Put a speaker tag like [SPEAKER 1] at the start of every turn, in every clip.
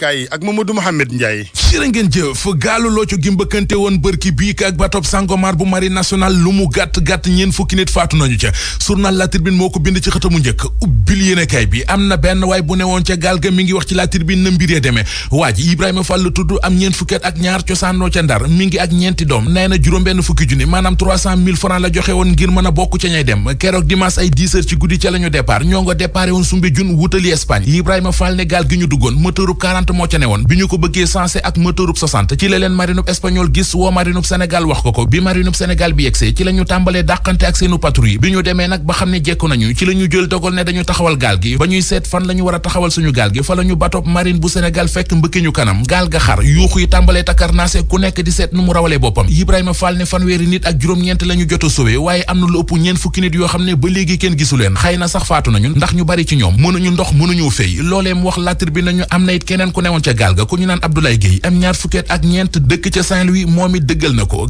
[SPEAKER 1] kaay yi ak Mamadou Mouhamed Ndiaye jërë ngeen jëf gaalu looco gi mbëkkante woon bërki biik ak batop sangomar bu marine nationale lu mu gàtt-gàtt ñeen fukki nit faatu nañu ca journal La Tribune moo ko bind ci xëtamu njëkk ubbil yéenekaay bi am na benn waay bu ne woon ca gaal ga mi ngi wax ci La Tribune na mbir ya demee waa ji Ibrahima Fall la tudd am ñeen fukki at ak ñaar cosaanoo ca Ndar mi ngi ak ñeenti doom nee na juróom benn fukki junni maanaam trois la joxe woon ngir mën a bokk ca ñay dem woon sumbi jun ko bëggee sensé moteurub 60 ci la leen marinub espagnol gis woo marinub sénégal wax ko ko bi marinub sénégal bi yegsee ci la ñu tàmbalee dàqante ak seenu patrouille bi ñu demee nag ba xam ne jekku nañu ci la ñu jël dogal ne dañu taxawal gaal gi ba ñuy seet fan la ñu war a taxawal suñu gaal gi fa la ñu batop marine bu sénégal fekk mbëkki ñu kanam gaal ga xar yuuxu yi tàmbalee takar naase ku nekk di seet nu mu rawalee boppam ibrahima fall ne fanweeri nit ak juróom-ñeent la ñu waaye am na lu ëpp ñeent nit yoo xam ne ba léegi kenn gisu leen xëy na sax faatu nañu ndax ñu bari ci ñoom mënuñu ndox mënuñu fay loolee mu wax La Tribune nañu am na keneen ku newoon ca gaal ga ku ñu naan Abdoulaye am ñaar fukkeet ak ñeent dëkk ca Saint-Louis moom it dëggal na ko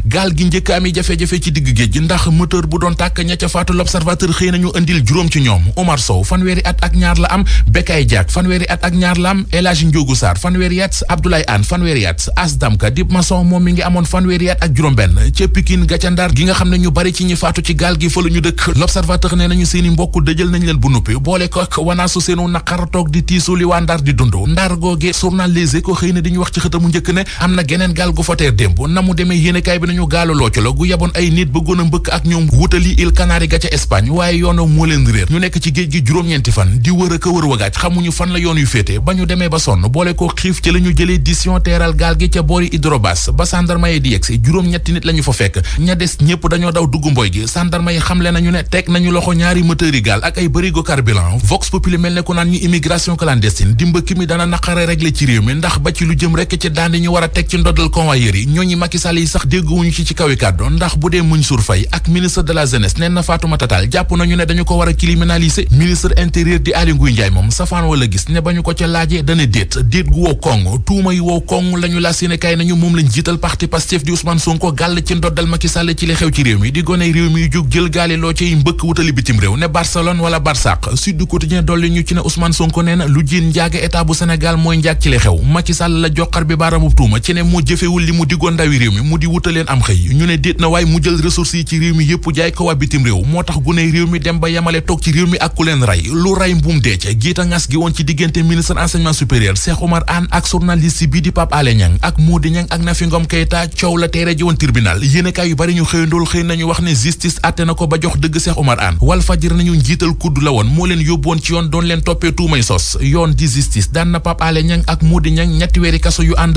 [SPEAKER 1] fanweeri at ak ñaar la am Bekay Diak fanweeri at ak ñaar la am El Hadji Ndiogou Sarr fanweeri at Abdoulaye Anne fanweeri at Asdamka Dib Masson moom mi ngi amoon fanweeri at ak juróom-benn ca Pikine gàcca Ndar gi nga xam ne ñu bari ci ñi faatu ci gaal gi fa la ñu dëkk l'observateur nee nañu seeni mbokk dëjël nañ leen bu nuppi boole wanaasu seenu naqar di tiisu li waa Ndar di dund Ndar googe journal Les xëy na di ñu wax ci xëtamu mu njëkk ne am na geneen gaal gu foteer démb na mu demee yéenekaay bi nañu gaalu looco gu yeboon ay nit bëggoon mbëkk ak ñoom wutali île Canaries ga ca Espagne waaye yoona moo leen réer ñu nekk ci géej gi juróom-ñeenti fan di wër a ka wër wagaaj xamuñu fan la yoon yu féete ba ñu demee ba sonn boole ko xiif ci la ñu jëlee décision teeral gaal gi ca boori Hydrobas ba sandarma yi di yegsi juróom-ñetti nit la fa fekk ña des ñëpp dañoo daw dugg mboy gi sandarma yi xamle nañu ne teg nañu loxo ne ko ñu immigration clandestine dimba ki mi dana naqare régler ci réew mi daan ñu war a teg ci ndoddal convoyeur yi ñooñu Macky yi sax dégguwuñu ci ci kaw i kàddu ndax bu dee Mansour Faye ak ministre de la jeunesse nee na Fatoumata Tall jàpp nañu ne dañu ko war a criminaliser ministre intérieur di Aly Ngouille Ndiaye moom safaan wala gis ne ba ñu ko ca laajee dana déet déet gu wow kong tuuma yi wow kong la ñu la sine kay nañu moom lañ jiital parti Pastef di Ousmane Sonko gàll ci ndoddal Macky Sall ci li xew ci réew mi di gone réew mi jóg jël gaali loo ciy mbëkk wutali bitim réew ne Barcelone wala Barsaq Sud Quotidien dolli ñu ci ne Ousmane Sonko nee na lu jiin njaaga état bu Sénégal ci Sall la joxar bi baaraamub tuuma ci ne moo jëfewul li mu diggoon ndawi réew mi mu di wuta leen am xëy ñu ne déet na waay mu jël ressources yi ci réew mi yëpp jaay ko bitim réew moo tax gune réew mi dem ba yemale toog ci réew mi ak leen ray lu ray mbuum deece giita ngas gi woon ci diggante ministre enseignement supérieur Cheikh Oumar Anne ak journaliste bii di Pape Alé ak Mody Niang ak Nafi Ngom Keïta coow la teere ji woon tribunal yéenekaay yu bari ñu xëy nañu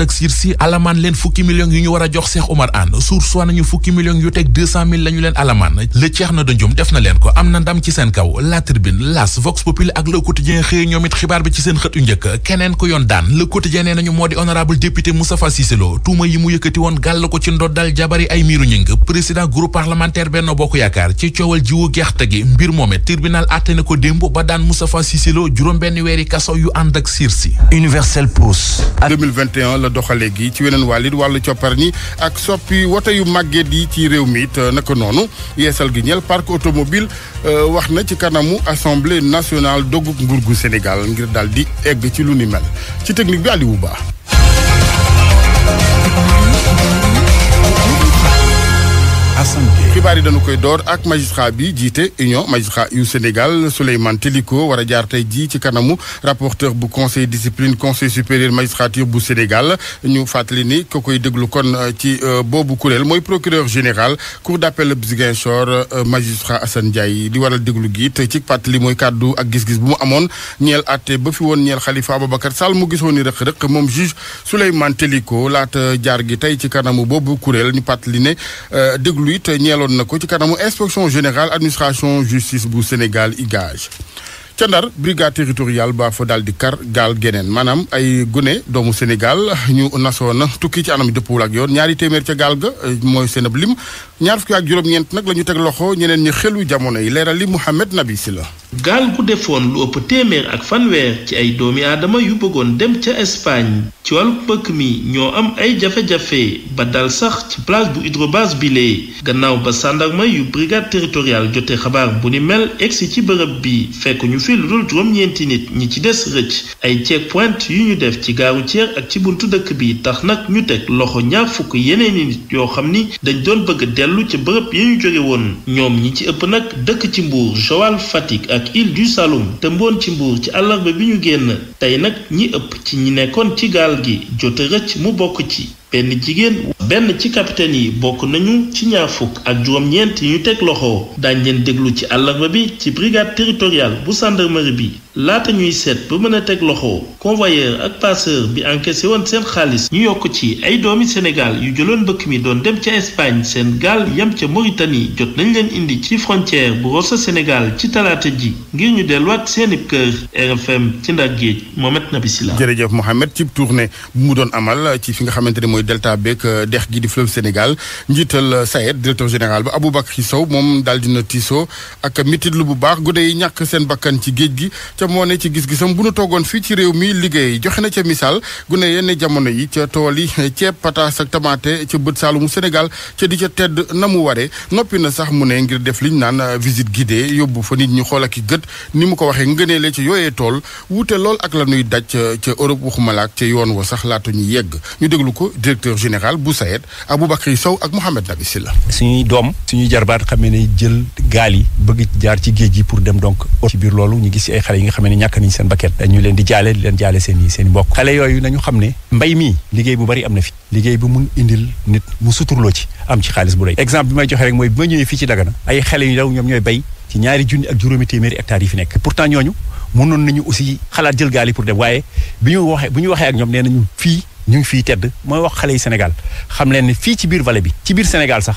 [SPEAKER 1] ak sursis alamaan leen fukki millions yu ñu war a jox Cheikh Oumar Anne suur nañu fukki millions yu teg deux leen alamaan le ceex na danjum def na leen ko am na ndam ci seen kaw La L'As Vox Populi ak Le Quotidien xëy ñoom it xibaar bi ci seen xët njëkk keneen ko yoon daan Le Quotidien nee nañu moo di honorable député Moustapha Cissé tuuma yi mu yëkkati woon gàll ko ci ndoddal jabari ay miiru ñëng président groupe parlementaire Benno Bokk Yaakaar ci
[SPEAKER 2] doxale gi ci weneen wàll wàllu coppar ak soppi woto yu màgget yi ci réew mi it naka noonu yeesal gi ñeel parc automobile euh, wax na ci kanamu assemblée nationale dogub nguur gu senegal ngir daal di egg ci lu ni mel ci technique bi Aliou Ba xibaar yi dañu koy door ak magistrat bi jiite union magistrat yu Sénégal Souleymane Téliko war a jaar tey jii ci kanamu rapporteur bu conseil discipline conseil supérieur magistrature bu Sénégal ñu fàttali ni ko koy déglu kon euh, ci euh, boobu kuréel mooy procureur général cour d'appel bu Ziguinchor euh, magistrat Assane Ndiaye di waral déglu gi te ci fàttali mooy kàddu ak gis-gis bu mu amoon ñeel àtte ba fi woon ñeel Khalifa Ababacar Sall mu gisoon ni rëq-rëq moom juge Souleymane Téliko laata jaar gi tey ci kanamu boobu kuréel ñu fàttali ne déglu it ñeel amaloon na ko ci kanamu inspection générale administration justice bu Sénégal IGAJ ca ndar brigade territoriale baa fa daal di kar gaal geneen maanaam ay gune doomu Sénégal ñu nasoon tukki ci anam dëppwul ak yoon ñaari téeméer ca gaal ga euh, mooy seen ab lim ñaar fukki ak juróom-ñeent nag la ñu teg loxo ñeneen ñi xelu jamono yi leeral li Mouhamed Nabi si la gaal gu defoon lu ëpp téeméer ak fanweer ci ay doomi aadama yu bëggoon dem ca Espagne
[SPEAKER 3] ci walu mbëkk mi ñoo am ay jafe-jafe ba dal sax ci place bu hydrobase bi gannaaw ba sàndarma yu brigade territoriale jote xabaar fi lu dul juróom-ñeenti nit ñi ci des rëcc ay checkpoint yu ñu def ci gaaru Thiès ak ci buntu dëkk bi tax nag ñu teg loxo ñaar fukk yeneeni nit yoo xam ni dañ doon bëgg dellu ca bërëb ya ñu jóge woon ñoom ñi ci ëpp nag dëkk ci Mbour Joal Fatick ak Île du Saloum te mboon ci Mbour ci àllarba bi ñu génn tey nag ñi ëpp ci ñi nekkoon ci gaal gi jot a rëcc mu bokk ci benn jigéen benn ci capitaine yi bokk nañu ci ñaar fukk ak juróom-ñeent yi ñu teg loxo daañ leen déglu ci àllarba bi ci brigade territoriale bu gendarmerie bi laata ñuy seet ba mën a teg loxo convoyeur ak passeur bi encaissé woon seen xaalis ñu yokk ci ay doomi Sénégal yu jëloon mbëkk mi doon dem ca Espagne seen gaal yam ca Mauritanie jot nañ leen indi ci frontière bu Rosso Sénégal ci talaata ji ngir
[SPEAKER 2] ñu delluwaat seeni kër RFM ci ndar géej Mohamed Nabi Sila jërëjëf ci tournée bu mu doon amal ci fi nga xamante ne mooy dex gi di fleuve Sénégal njiital euh, SAED directeur général ba Aboubacry Sow moom daal dina tiisoo ak mititlu bu baax guddee yi ñàkk seen bakkan ci géej gi ca moo ne ci gis gi sam bu nu toogoon fii ci réew mi liggéey joxe na ca misaal gune yenn jamono yi ca tool yi ceeb pataas ak tamaate ca bët saalumu Sénégal ca di ca tedd na mu waree noppi na sax mu ne ngir def liñ naan euh, visite guidée yóbbu fa nit ñi xool ak i gët ni mu ko waxee ngëneele ci yooyee tool wuute lool ak la nuy daj euh, ca Europe waxumalaak ca yoon wa sax laata ñu yegg ñu déglu ko directeur général Sayed Aboubacry Sow ak Mouhamed Nabi Silla suñuy doom suñuy jarbaat xamee ne jël gaal yi bëgg jaar ci géej gi pour dem donc ci
[SPEAKER 4] biir loolu ñu gis ay xale yi nga xamee ne ñàkk nañu seen bakket ñu leen di jaale leen jaale seen i seen mbokk xale yooyu nañu xam ne mbay mii liggéey bu bari am na fi liggéey bu mun indil nit mu suturloo ci am ci xaalis bu rëy exemple bi may joxe rek mooy bi ma ñëwee fii ci Dagana ay xale yu ndaw ñoom ñooy bay ci ñaari junni ak juróomi téeméeri hectares yi nekk pourtant ñu ngi fiy tedd mooy wax xale yi Sénégal xam leen ne fii ci biir vale bi ci biir Sénégal sax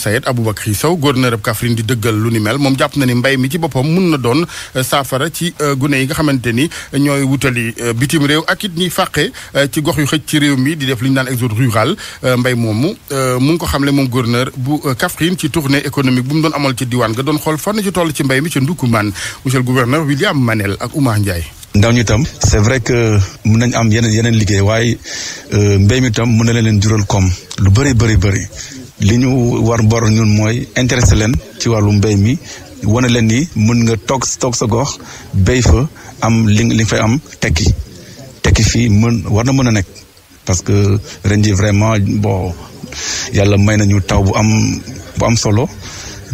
[SPEAKER 2] Sayed Aboubacry Sow gouverneur ab Kaffrine di dëggal lu ni mel moom jàpp na ni mbay mi ci boppam mun na doon euh, saafara ci euh, gune yi nga xamante ni euh, ñooy wutali bitim réew ak it ñiy fàqee ci gox yu xëj ci réew mi di def li ñu naan exode rural mbay moomu mu ngi ko xamle moom gouverneur bu Kaffrine ci tournée économique bu mu doon amal ci diwaan nga doon xool fan ci toll ci mbay mi ci ca Ndoukoumane monsieur le gouverneur
[SPEAKER 5] William Manel ak Oumar Ndiaye. ndaw ñi tam c'est vrai que mën nañ am yeneen yeneen liggéey waaye mbéy mi tam mën na leen leen jural koom lu bëri bëri bëri li ñu war bor ñun mooy intéressé leen ci wàllu mbéy mi wane leen ni mën nga toog toog sa gox béy fa am li li fa am tekki tekki fii mën war na mën a nekk parce que ren ji vraiment bon yàlla may nañu taw bu am bu am solo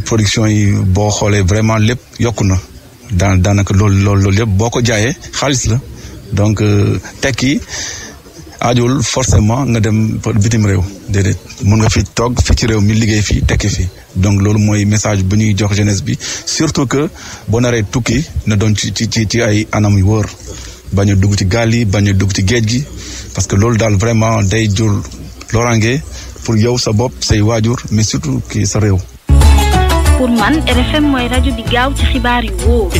[SPEAKER 5] production yi boo xoolee vraiment lépp yokku na daan daanaka loolu lool loolu yëpp boo ko jaayee xaalis la donc euh, tekki aajowul forcément nga dem bitim réew déedéet mun nga fi toog fi ci réew mi liggéey fi tekki fi donc loolu mooy message bu ñuy jox jeunesse bi surtout que boo naree tukki na doon ci ci ci ay anam yu wóor bañ a dugg ci gaal yi bañ a dugg ci géej gi parce que loolu daal vraiment day jur loraange pour yow sa bopp say waajur mais surtout kii sa réew.
[SPEAKER 6] pour man RFM mooy rajo di gaaw ci xibaar yu wóor.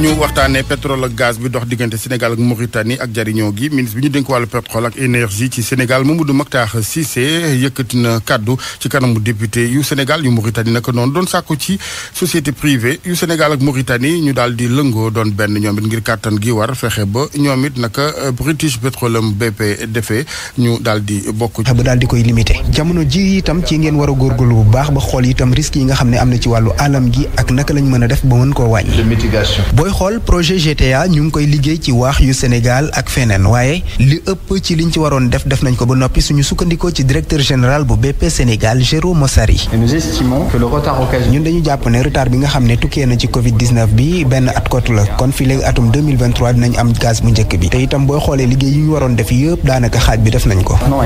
[SPEAKER 2] ñu waxtaanee pétrole ak gaz bi dox diggante Sénégal ak Mauritanie ak jariñoo gi ministre bi ñu dénk wàllu pétrole ak énergie ci Sénégal du Mactar Cissé yëkkati na kàddu ci kanamu député yu Sénégal yu Mauritanie naka noonu doon sàkku ci société privée yu Sénégal ak Mauritanie ñu daal di lëngoo doon benn ñoom it ngir kàttan gi war fexe ba ñoom it naka euh, British Petroleum bépp defee ñu daal di bokk.
[SPEAKER 7] ba daal di koy limité. jamono ji itam ci ngeen war a góorgóorlu bu baax ba xool itam risques yi nga xam ne am na ci wàllu alam gi ak naka lañ mën a def ba mën koo wàññi.
[SPEAKER 8] de mitigation.
[SPEAKER 7] booy xool projet GTA ñu ngi koy liggéey ci waax yu Sénégal ak feneen waaye li ëpp ci liñ ci waroon def def nañ ko ba noppi suñu sukkandikoo ci directeur général bu BP Sénégal Jérôme Mossari. nous estimons que le retard occasionné. ñun dañu jàpp ne retard bi nga xam ne tukkee na ci Covid 19 bi benn at kot la kon fii léegi atum 2023 dinañ am gaz bu njëkk bi te itam booy xoolee liggéey yu ñu waroon def yëpp daanaka xaaj bi def nañ ko. non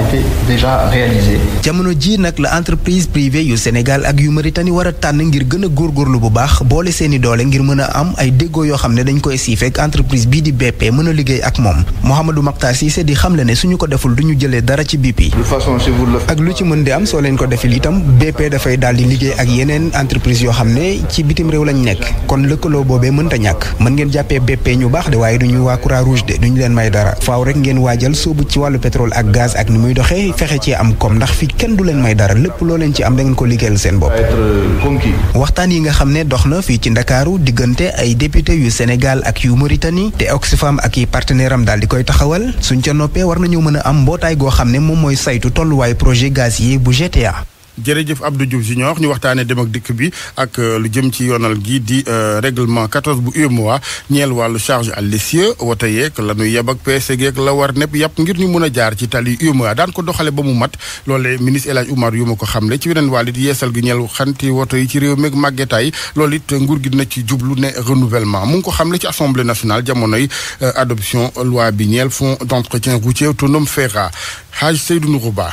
[SPEAKER 7] jamono ji nag la entreprise privée yu Sénégal ak yu Mauritanie war tànn ngir gën a góorgóorlu bu baax boole seeni doole ngir mën am ay déggoo yoo xam ne dañ koy siifeek entreprise bii di BP mën a liggéey ak moom Mouhamadou Makhtar Cissé di xamle ne suñu ko deful duñu jëlee dara ci BP ak lu ci mën di am soo leen ko defil itam BP dafay daal di liggéey ak yeneen entreprise yoo xam ne ci bitim réew lañ nekk kon lëkkaloo boobee mënta ñàkk mën ngeen jàppee BP ñu baax de waaye duñu waa croix rouge de duñu leen may dara faaw rek ngeen waajal soobu ci wàllu pétrole ak gaz ak ni muy du leen may dara lépp loo leen ci am da ngeen ko liggéeyal seen bopp yu Sénégal ak yu Mauritanie te Oxfam ak yi partenaire am daal di koy taxawal suñ ca noppee war nañoo mën a am mbootaay goo xam ne moom mooy saytu tolluwaay projet gas yi bu GTA
[SPEAKER 2] jërëjëf Abdou Diouf Junior ñu waxtaanee dem ak dikk bi ak euh, lu jëm ci yoonal gi di euh, règlement 14 bu UEMOA ñeel wàllu charge à l'essieu woto yeeg la ñuy yeb ak PSE la war nepp yàpp ngir ñu mun a jaar ci tali UEMOA daan ko doxale ba mu mat loole ministre El umar Oumar ma ko xamle ci weneen wàll it yeesal gi ñeel xanti woto yi ci réew meeg màggetaay loolu it nguur gi na ci jublu ne renouvellement mu ngi ko xamle ci assemblée nationale jamonoy euh, adoption loi bi ñeel fonds d'entretien routier autonome FERA Hadj Seydou Nourouba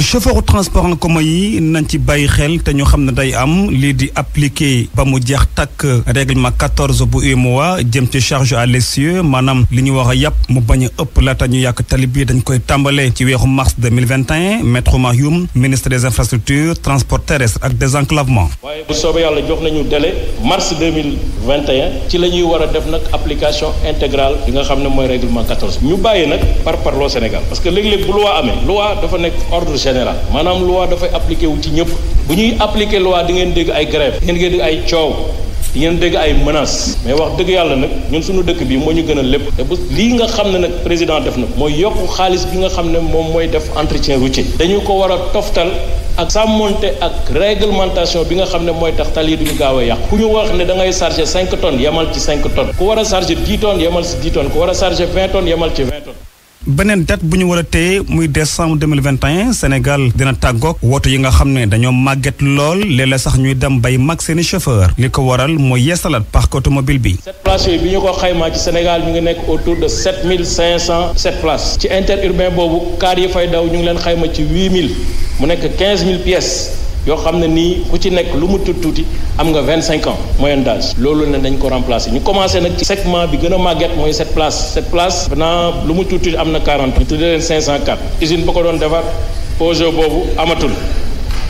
[SPEAKER 2] chauffeur transport en commun yi nañ ci bàyyi xel te ñu xam ne day am lii di appliqué ba mu jeex takk règlement 14 bu UMOA jëm ci charge à l'essieu maanaam li ñu wax a yàpp mu bañ ëpp laata ñu yàq tali bi dañ koy tàmbale ci weeru mars 2021 maître Oumar Youm ministre des infrastructures transport terrestre ak désenclavement.
[SPEAKER 9] waaye bu soobee yàlla jox nañu délai mars 2021 ci la ñuy war a def nag application intégrale bi nga xam ne mooy règlement 14 ñu bàyyi nag par parloo Sénégal parce que général générale maanaam loi dafay appliqué wu ci ñëpp bu ñuy appliqué loi di ngeen dégg ay grève di ngeen dégg ay coow di dégg ay menaces mais wax dëgg yàlla nag ñun suñu dëkk bi moo ñu gën a lépp te bu lii nga xam ne nag président def na mooy yokk xaalis bi nga xam ne moom mooy def entretien routier dañu ko war a toftal ak sàmmonte ak réglementation bi nga xam ne mooy tax tali duñu gaaw a yàq ku ñu wax ne da ngay chargé 5 ci 5 ku war a chargé 10 tonnes yemal ci 10 tonnes ku war a chargé 20 tonnes yemal ci
[SPEAKER 2] beneen date bu ñu war a téye muy décembre 2021 Sénégal dina tàggoog woto yi nga xam ne dañoo màgget lool léeg-léeg sax ñuy dem bay mag seeni chauffeur li ko waral mooy yeesalaat parc automobile bi sept
[SPEAKER 9] places yooyu bi ñu ko xaymaa ci Sénégal ñu ngi nekk autour de sept mille cinq cent sept places ci interurbain boobu kaar yi fay daw ñu ngi leen xayma ci huit mille mu nekk quinze mille pièces yoo xam na nii ku ci nekk lu mu tuuti tuuti am nga vingt cinq ans moyenne d'âge loolu ne dañ ko remplacer ñu commencé nag ci sectement bi gën a màgget mooy set place cette place maintenant lu mu tuuti am na quarante ñu tuddee leen cinq cent quatre usine ba ko doon defar projet boobu amatul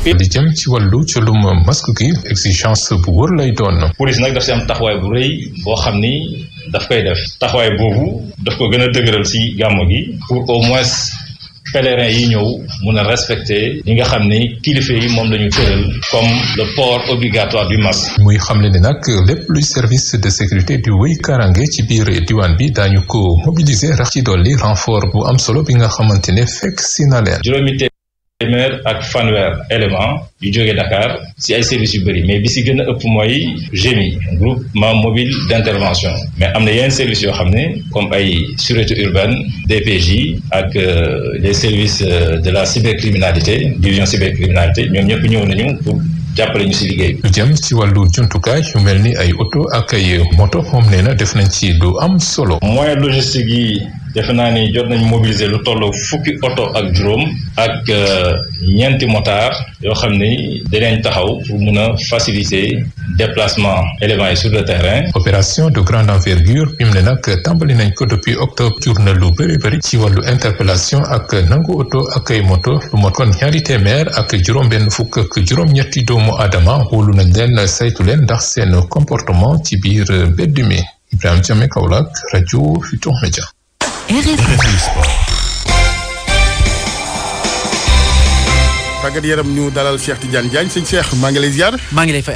[SPEAKER 1] li jëm ci wàllu ci lum masque gi exigence bu wër lay doon. police nag daf si
[SPEAKER 9] am taxawaay bu rëy boo xam ni daf koy def taxawaay boobu daf ko gën a dëgëral si gàmm gi pour au moins pèlerins yi ñëw mun a respecté yi nga xam ni kilifa yi moom la ñu tëral comme le port obligatoire du masque. muy xamle ni nag lépp
[SPEAKER 1] luy service de sécurité di wéy karange ci biir diwaan bi daañu ko mobiliser rax ci dolli renfort bu am solo bi nga xamante ne fekk si na leen.
[SPEAKER 9] téeméer ak fanweer élément yu jógee Dakar si ay service yu bëri mais bi si gën a ëpp mooy GMI groupement mobile d'intervention mais am na yeneen services yoo xam ne comme ay sûreté urbaine DPJ ak euh, les services euh, de la cybercriminalité division cybercriminalité ñoom ñëpp ñëw nañu pour jàppale ñu si liggéey lu jëm si wàllu jumtukaay yu mel ni ay oto ak moto moom na def nañ ci du am solo. moyen logistique yi. defe naa ni jot nañu mobiliser lu toll fukki oto ak juróom ak euh, ñeenti motard yoo xam ni dinañ taxaw pour mun a faciliter déplacement éléments yi sur le terrain. opération de grande envergure
[SPEAKER 1] bi mu ne nag tàmbali nañ ko depuis octobre jur na lu bëri bëri ci wàllu interpellation ak nangu oto ak ay moto lu mot kon ñaari téeméer ak juróom-benn fukk ak juróom-ñetti doomu aadama wóolu nañ leen saytu leen ndax seen comportement ci biir mbedd mi Ibrahima Diame Kaolack
[SPEAKER 2] RFI Sport. tàggat yaram ñu dalal Cheikh Tidiane Diagne sëñ Cheikh maa ngi lay ziar. maa ngi lay fay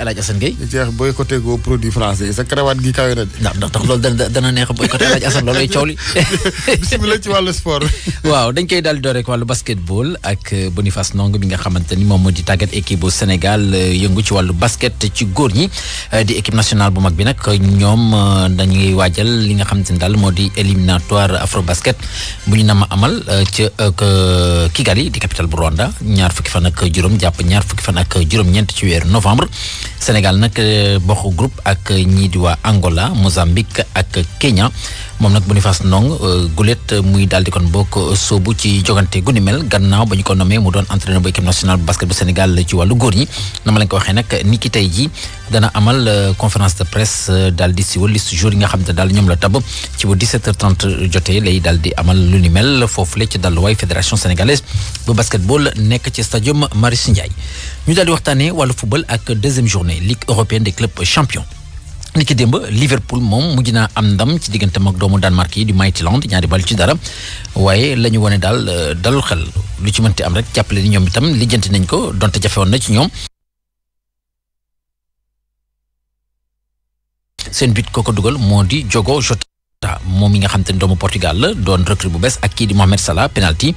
[SPEAKER 2] français
[SPEAKER 8] sa karawaat gi kawe na de. ndax ndax loolu dana dana neex boycotté El Hadj Assane loolay coow li. ci wàllu sport. waaw dañ koy daal di door rek wàllu basketball ak euh, Boniface Ndong bi nga xamante ni moom moo di tàggat équipe bu Sénégal euh, yëngu ci wàllu basket ci góor ñi euh, di équipe nationale bu mag bi nag ñoom dañuy waajal li nga xam xamante ni daal moo di éliminatoire afro basket bu ñu nama amal ca Kigali di capitale fan juróom jàpp ñaar fukki fan ak juróom-ñeent ci weer novembre Sénégal nag euh, bokk groupe ak ñii di waa Angola Mozambique ak Kenya moom nag Boniface Ndong euh, gulet euh, muy daal di kon bokk euh, soobu ci jogante gu ni mel gannaaw ba ñu ko nommé mu doon entraîneur bu équipe nationale basket bu Sénégal ci wàllu góor ñi na ma leen ko waxee nag ni ki tey ji dana amal conférence de presse daal di siwal liste jour yi nga xam ne daal ñoom la tab ci bu 17h30 jotee lay daal di amal lu ni mel foofule ci dalluwaay fédération sénégalaise bu basketball nekk ci stadium Marius Ndiaye ñu daal di waxtaanee wàllu football ak deuxième journée Ligue européenne des clubs li ki démb Liverpool moom mujj naa am ndam ci digganteem ak doomu Danemark yi di Midtjylland ñaari bal ci dara waaye la ñu wane daal euh, dalul xel lu ci mënti am rek jàppale ni ñoom itam lijjanti nañ ko donte jafewoon na ci ñoom. seen but kooko dugal moo di Diogo Jota. moom mi nga xam te ne doomu Portugal la doon recrue bu bees ak kii di Mohamed Salah penalty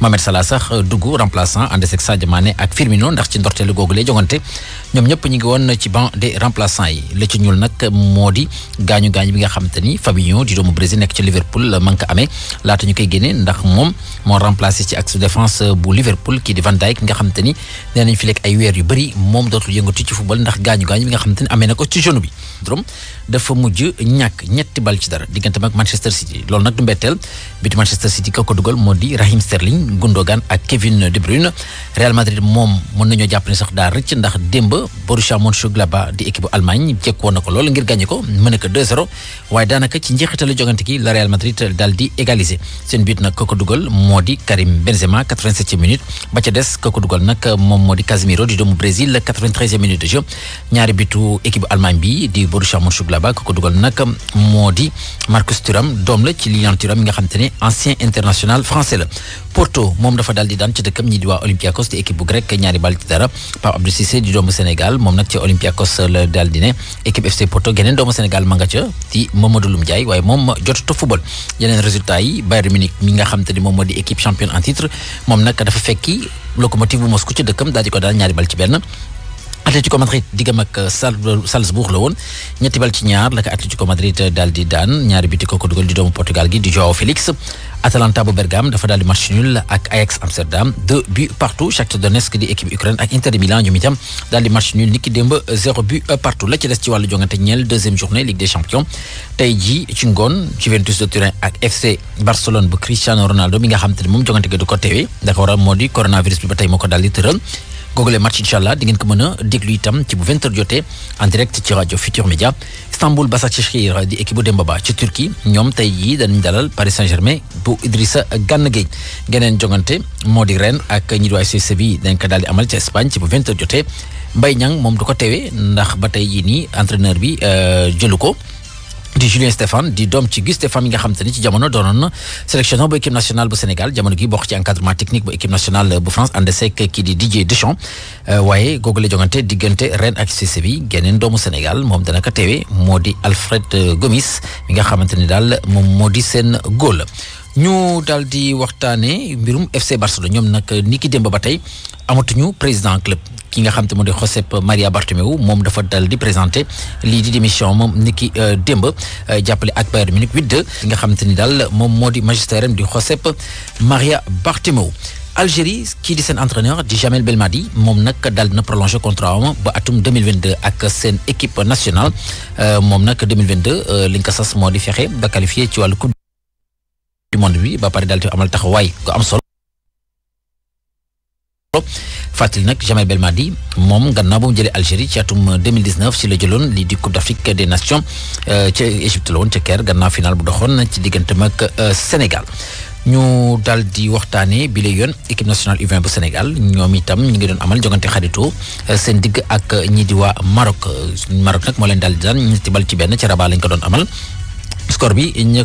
[SPEAKER 8] Mohamed Salah sax euh, dugg remplaçant ànd ak Sadio Mané ak Firmino ndax ci ndorteelu googu lay jongante ñoom ñëpp ñu ngi woon ci banc des remplaçants yi la ci ñuul nag moo di gaañu gaañu bi nga xam te ni Fabinho di doomu Brésil nekk ci Liverpool man ko amee laata ñu koy génnee ndax moom moo remplacé ci axe défense euh, bu Liverpool kii di Van Dijk nga xam te ni nee nañ fi lekk ay weer yu bëri moom dootul yëngatu ci football ndax gaañu gaañu bi nga na ko ci genou bi. Drom Manchester City loolu nag du mbetteel bitu Manchester City ka ko dugal moo di Raheem Sterling Gundogan ak Kevin De Bruyne Real Madrid moom mën nañoo jàpp sax daa rëcc ndax démb Borussia Mönchengladbach di équipe Allemagne jekkoon na ko loolu ngir gagné ko mën na ko 2-0 waaye daanaka ci njeexitalu jogante gi la Real Madrid daal di égaliser seen but nag ka dugal moo di Karim Benzema 87e minute ba ca des ka ko dugal nag moom moo di Casemiro di doomu Brésil 93e de jeu ñaari Thuram doom la ci Lilian Thuram mi nga xam te ne ancien international français la Porto moom dafa daal di daan ci dëkkam ñi di waa Olympiakos di équipe bu grec ñaari bal ci dara Pape Abdou Cissé di doomu Sénégal moom nag ci Olympiakos la daal di ne équipe FC Porto geneen doomu Sénégal ma nga ca di Mamadou Loum Ndiaye waaye moom jotut a football yeneen résultat yi Bayern Munich mi nga xam te ne moom moo di équipe championne en titre moom nag dafa fekki locomotive bu di ko daal ñaari bal ci Atlético Madrid diggam ak Salzbourg la woon ñetti bal ci ñaar la ko Madrid daal di daan ñaari biti ko di doomu Portugal gi di João Félix Atalanta bu dafa daal di match nul ak Ajax Amsterdam deux partout Shakhtar Donetsk di équipe Ukraine ak Inter Milan ñoom itam di match nul niki démb zéro but partout la ci des ci wàllu jongante ñeel deuxième journée Ligue des champions tey jii ci ngoon Juventus de Turin ak FC Barcelone bu Cristiano Ronaldo googale match incha allah di ngeen ko mën a déglu itam ci bu 20h jotee en direct ci rajo Futur Media Istanbul Başakşehir di équipe bu Demba Ba ci Turquie ñoom tey jii dañu dalal Paris Saint-Germain bu Idrissa Gana Gueye geneen jongante moo di ren ak ñi di AS Séville dañ ko dal di amal ci Espagne ci bu 20h jotee Mbaye Niang moom du ko teewee ndax ba tey jii nii entraîneur bi euh, jëlu ko. di Julien Stéphane di doom ci Guy Stéphane mi nga xam te ni ci jamono doonoon na sélectionneur bu équipe nationale bu Sénégal jamono gi bokk ci encadrement technique bu équipe nationale bu France ànd seeg kii di Didier Deschamps euh, waaye googu la jongante diggante Rennes ak CC bi geneen doomu Sénégal moom dana teewee moo di Alfred euh, Gomis mi nga xamante ni daal moom moo di seen góol ñu daal di waxtaanee mbirum FC Barcelone ñoom nag ni ki démb ba tey amatuñu président club ki nga xam te mu di Josep Maria Bartomeu moom dafa dal di lii di démission moom ni ki euh, démb euh, jàppale ak Bayern Munich 8-2 ki nga xam ni daal moom moo di magistèram di Josep Maria Bartomeu Algérie kii di seen entraîneur di Jamel Belmadi moom nag daal dina prolongé contrat am ba atum 2022 ak seen équipe nationale euh, moom nag 2022 li nga ko sas moo di fexee ba qualifié ci wàllu coupe du monde bi ba pare daal di amal taxawaay ko am solo fàttali nag Jamel Belmadi moom gannaaw ba mu jëlee Algérie ci atum 2019 ci la jëloon lii di Coupe d'Afrique des Nations euh, ca Égypte la woon ca ker gannaaw final bu doxoon ci digganteem ak euh, Sénégal. ñu daal di waxtaanee bi lay yoon équipe nationale u bu Sénégal ñoom itam ñu ngi doon amal jogante xaritoo euh, seen digg ak ñii di waa Maroc Maroc nag moo leen daal di daan ñetti bal ci benn ci Rabat lañ ko doon amal. score bi ñi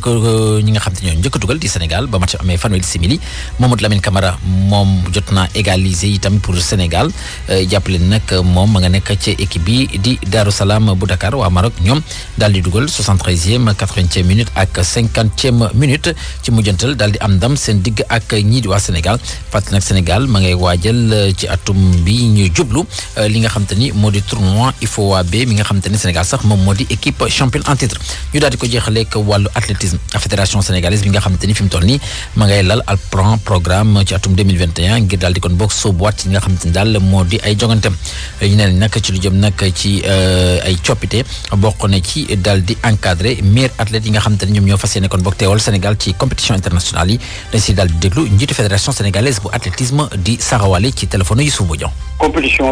[SPEAKER 8] nga xam te ñoo njëkk a dugal di Sénégal ba match amee fanweeri simili Mamadou Lamine Camara moom jot naa égaliser itam pour Sénégal euh, jàppale nag moom ma nga nekk ci équipe bi di Darou Salaam bu Dakar waa Maroc ñoom daal di dugal 73e 80e minute ak 50e minute ci mujjantal daal di am ndam seen digg ak ñii di waa Sénégal fàttali nag Sénégal ma ngay jël euh, ci atum bi ñu jublu euh, li nga xam te ni moo di tournoi UFOA B mi nga xam te ni Sénégal sax moom moo di équipe championne en ak wàllu athlétisme fédération sénégalaise bi nga xamante ni toll nii ma ngay lal al plan programme ci atum ngir daal di kon boog sóobuwaat ci nga xamante ni daal moo di ay jongante ñu ne nag ci lu jëm nag ci euh, ay coppite bokk na ci daal di encadré meilleurs athlètes nga xamante ñoom ñoo fas yéene kon boog teewal Sénégal ci compétition internationale yi dañ si daal di déglu njiitu fédération sénégalaise bu athlétisme di sarawale ci téléphone Youssouf Bodian
[SPEAKER 6] compétition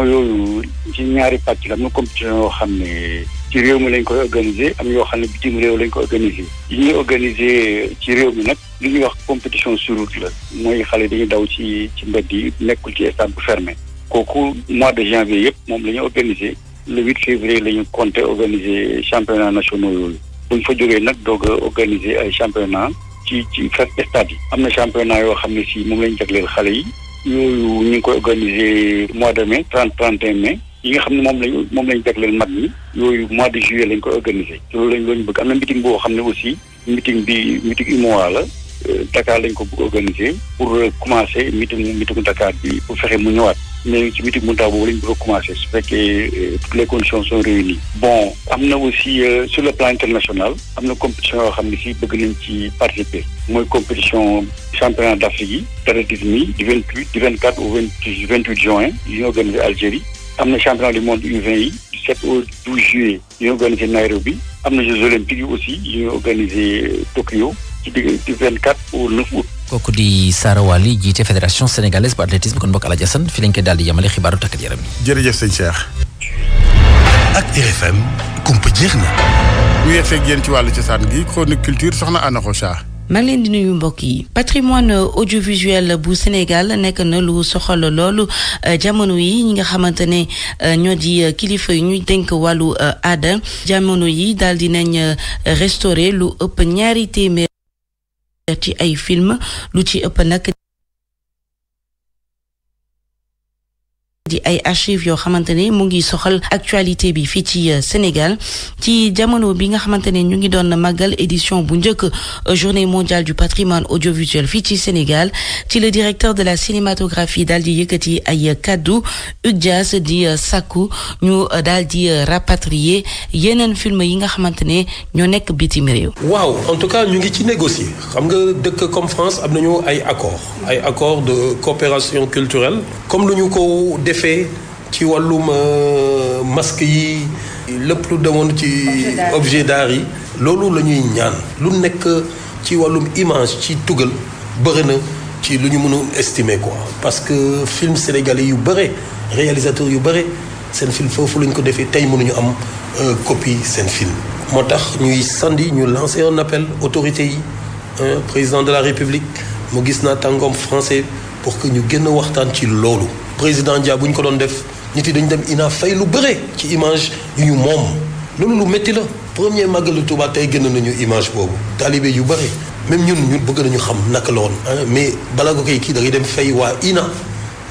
[SPEAKER 6] ci réew mi lañ koy organiser am yoo xam ne bitim réew lañ ko organiser yi ñuy organiser ci réew mi nag li ñuy wax compétition sur route la mooy xale dañuy daw ci ci mbedd yi nekkul ci stade bu fermé kooku mois de janvier yëpp moom la ñu organiser le huit février la ñu compté organiser championnat nationaux yooyu bu ñu fa jógee nag doog a organiser ay championnat ci ci chaque stade yi am na championnat yoo xam ne si moom la ñu jagleel xale yi yooyu ñu ngi koy organiser mois de mai trente et un yi nga xam ne moom lañu moom lañu jagleel mag ñi yooyu mois de juillet lañ ko organisé loolu lañ lañu bëgg am na meeting boo xam ne aussi meeting bi meeting mois la euh, Dakar lañ ko bëgg organisé pour euh, commencer meeting meeting Dakar bi pour fexe mu ñëwaat mais ci meeting mu daaw boobu lañ bëgg a commencé su fekkee euh, toutes les conditions sont réunies bon am na aussi sur le plan international am na compétition yoo xam ne si bëgg nañ ci participer mooy compétition championnat d'Afrique yi d'athlétisme yi du vingt huit du vingt quatre au vingt vingt huit juin yi ñu organisé Algérie am na championnat du monde U20 yi du 7 au 12 juillet yu organisé Nairobi am na jeux olympiques yi aussi yu organisé euh, Tokyo ci digg du 24 au 9 août.
[SPEAKER 8] kooku di Sara Wali jiite fédération sénégalaise bu athlétisme kon mbokk Alaaji fi lañ koy daal di yemale xibaaru takkat yaram
[SPEAKER 2] yi. jërëjëf sëñ Cheikh. ak RFM
[SPEAKER 10] kumpa
[SPEAKER 8] jeex na.
[SPEAKER 2] ñu yegg seeg yéen ci wàllu cosaan gi chronique culture soxna Anna Rocha.
[SPEAKER 10] maa ngi leen di nuyu mbokk yi patrimoine audiovisuel bu Sénégal nekk na lu soxal loolu euh, jamono yi ñi nga xamante ne euh, ñoo di euh, kilifa yu ñuy dénk wàllu aada jamono yi daal di nañ restauré lu ëpp ñaari téeméer ci ay film lu ci ëpp nag di ay archives yoo xamante mu ngi soxal actualité bi fii ci euh, Sénégal ci jamono bi nga xamante ne ñu ngi doon màggal édition bu njëkk euh, journée mondiale du patrimoine audiovisuel fii ci Sénégal ci le directeur de la cinématographie daal di yëkkati ay kaddu Hugues Dias di euh, sàkku ñu daal di rapatrier yeneen film yi nga xamante ne ñoo nekk biti réew.
[SPEAKER 11] waaw en tout cas ñu ngi ci négocier xam nga dëkk comme France am nañu ay accords ay accords de coopération culturelle defee ci wàllum euh, masque yi lépp lu demoon ci objet d'art yi loolu la ñuy ñaan lu nekk ci wàllum image ci tugal bëri na ci lu ñu mën a estimer quoi parce que film sénégalais yu bëre réalisateur yu bëre seen film foofu lañ ko defee tey mënuñu am euh, copie seen film moo tax ñuy sandi ñu lancer un appel autorité yi président de la république mu gis naa tàngoom français pour que ñu gën a waxtaan ci loolu président Dia bu ñu ko doon def nit yi dañu dem ina fay lu bëre ci image yu ñu moom loolu lu métti la premier màggalu Touba tey génn nañu image boobu taalibe yu bëri même ñun ñun bëgg nañu xam naka la woon mais balaa nga koy kii da ngay dem fay waa ina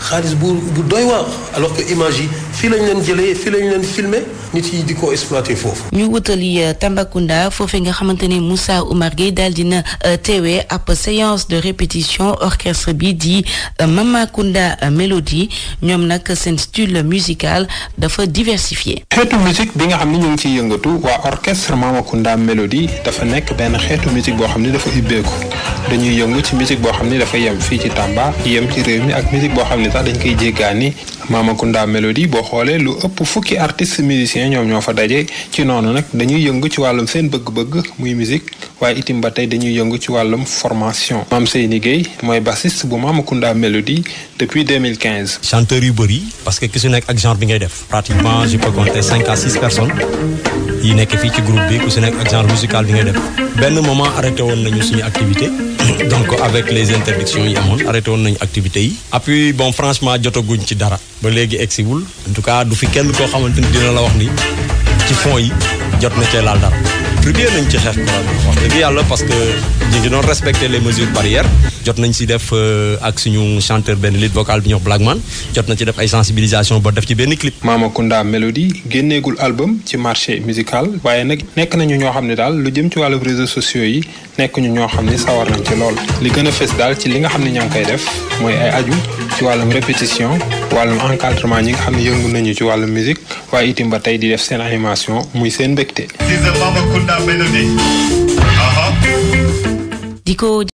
[SPEAKER 11] xaalis bu bu doy waar alors que image yi fii lañ leen jëlee fii lañ nit yi di ko exploité foofu.
[SPEAKER 10] ñu wutali euh, Tambacounda foofee nga xamante ne Moussa Oumar Gueye daal dina euh, teewee ab séance de répétition orchestre bi di euh, Mamakunda Melody ñoom nag seen style musical dafa diversifié.
[SPEAKER 7] xeetu musique bi nga xam ni ñoom ngi ciy yëngatu waa orchestre Mamakunda Melody dafa nekk benn xeetu musique boo xam ni dafa ubbeeku dañuy yëngu ci musique boo xam ni dafa yem fii ci Tamba yem ci réew mi ak musique boo xam ni sax dañ koy jéggaani Mamakunda Melody boo xoolee lu ëpp fukki artistes musiciens ñoom ñoo fa daje ci noonu nag dañuy yëngu ci wàllum seen bëgg-bëgg muy musique waaye itim ba tey dañuy yëngu ci wàllum formation. Mame Seyni Gueye mooy bassiste bu Mamakunda Melody depuis 2015.
[SPEAKER 4] chanteur yu bëri parce que ki su nekk ak genre bi ngay def. pratiquement je peux compter cinq à six personnes. yi nekk fii ci groupe bi ku si nekk ak genre musical bi ngay def benn moment arrêté woon nañu suñu activité donc avec les interdictions yi amoon arrêté woon nañu activité yi. bon franchement jotaguñ ci dara. ba léegi egsiwul en tout du fi kenn koo xamante ni dina la wax ni ci fonds yi jot na cee laal dara. contribuer nañ ci yàlla parce que ñu ngi doon respecter les mesures jot nañ si def euh, ak suñu chanteur benn lead vocal bi ñuy wax Blackman jot na ci def ay sensibilisation ba
[SPEAKER 7] def ci benn clip. Mamakunda Melody génneegul album ci marché musical waaye nag nekk nañu ñoo xam ne daal lu jëm ci wàllu réseaux sociaux yi nekk ñoo xam ne sawar nañ ci lool li gën a fës daal ci li nga xam ne ña ngi koy def mooy ay aju wàllum répétition wàllum encadrement ñi nga xam ne yëngu nañu ci wàllum musique waaye itim ba tey di def seen animation muy seen mbégte.
[SPEAKER 10] mélodie. Uh -huh.